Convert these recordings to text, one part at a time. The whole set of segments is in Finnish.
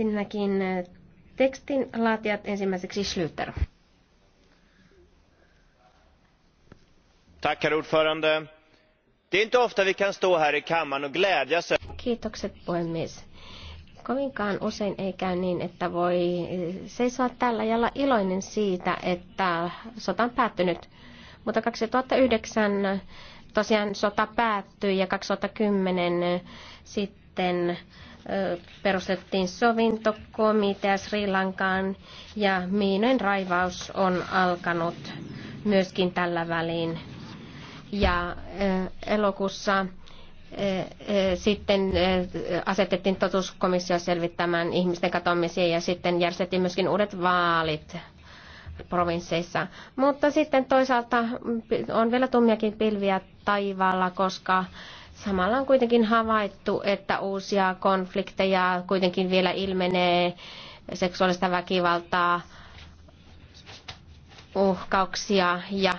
Ensinnäkin äh, tekstin laatijat ensimmäiseksi Schlüter. Tack, herr ordförande. Det är inte ofta vi kan stå här i kammaren och glädjas. Kiitokset, puhemies. Kovinkaan usein ei käy niin, että voi seisoa täällä ja olla iloinen siitä, että sota on päättynyt. Mutta 2009 tosiaan sota päättyi ja 2010 sitten perustettiin sovintokomitea Sri Lankaan ja miinojen raivaus on alkanut myöskin tällä välin. Ja elokuussa sitten asetettiin totuuskomissio selvittämään ihmisten katoamisia ja sitten järjestettiin myöskin uudet vaalit provinsseissa. Mutta sitten toisaalta on vielä tummiakin pilviä taivaalla, koska samalla on kuitenkin havaittu, että uusia konflikteja kuitenkin vielä ilmenee, seksuaalista väkivaltaa, uhkauksia ja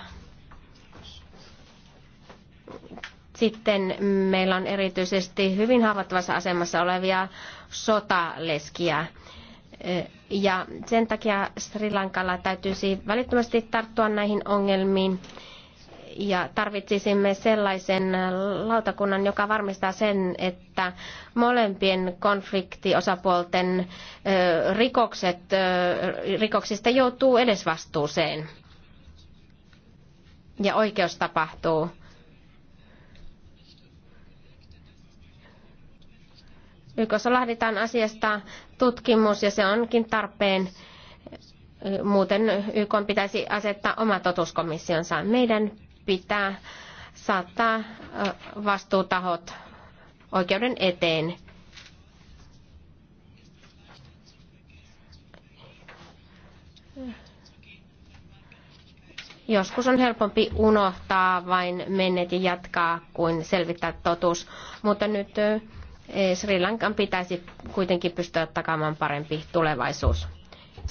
sitten meillä on erityisesti hyvin haavoittuvassa asemassa olevia sotaleskiä. Ja sen takia Sri Lankalla täytyisi välittömästi tarttua näihin ongelmiin ja tarvitsisimme sellaisen lautakunnan, joka varmistaa sen, että molempien konfliktiosapuolten rikokset, rikoksista joutuu edesvastuuseen ja oikeus tapahtuu. YKssa lahditaan asiasta tutkimus ja se onkin tarpeen. Muuten YK pitäisi asettaa oma totuuskomissionsa. Meidän pitää saattaa vastuutahot oikeuden eteen. Joskus on helpompi unohtaa vain menneet ja jatkaa kuin selvittää totuus, mutta nyt Sri Lankan pitäisi kuitenkin pystyä takaamaan parempi tulevaisuus.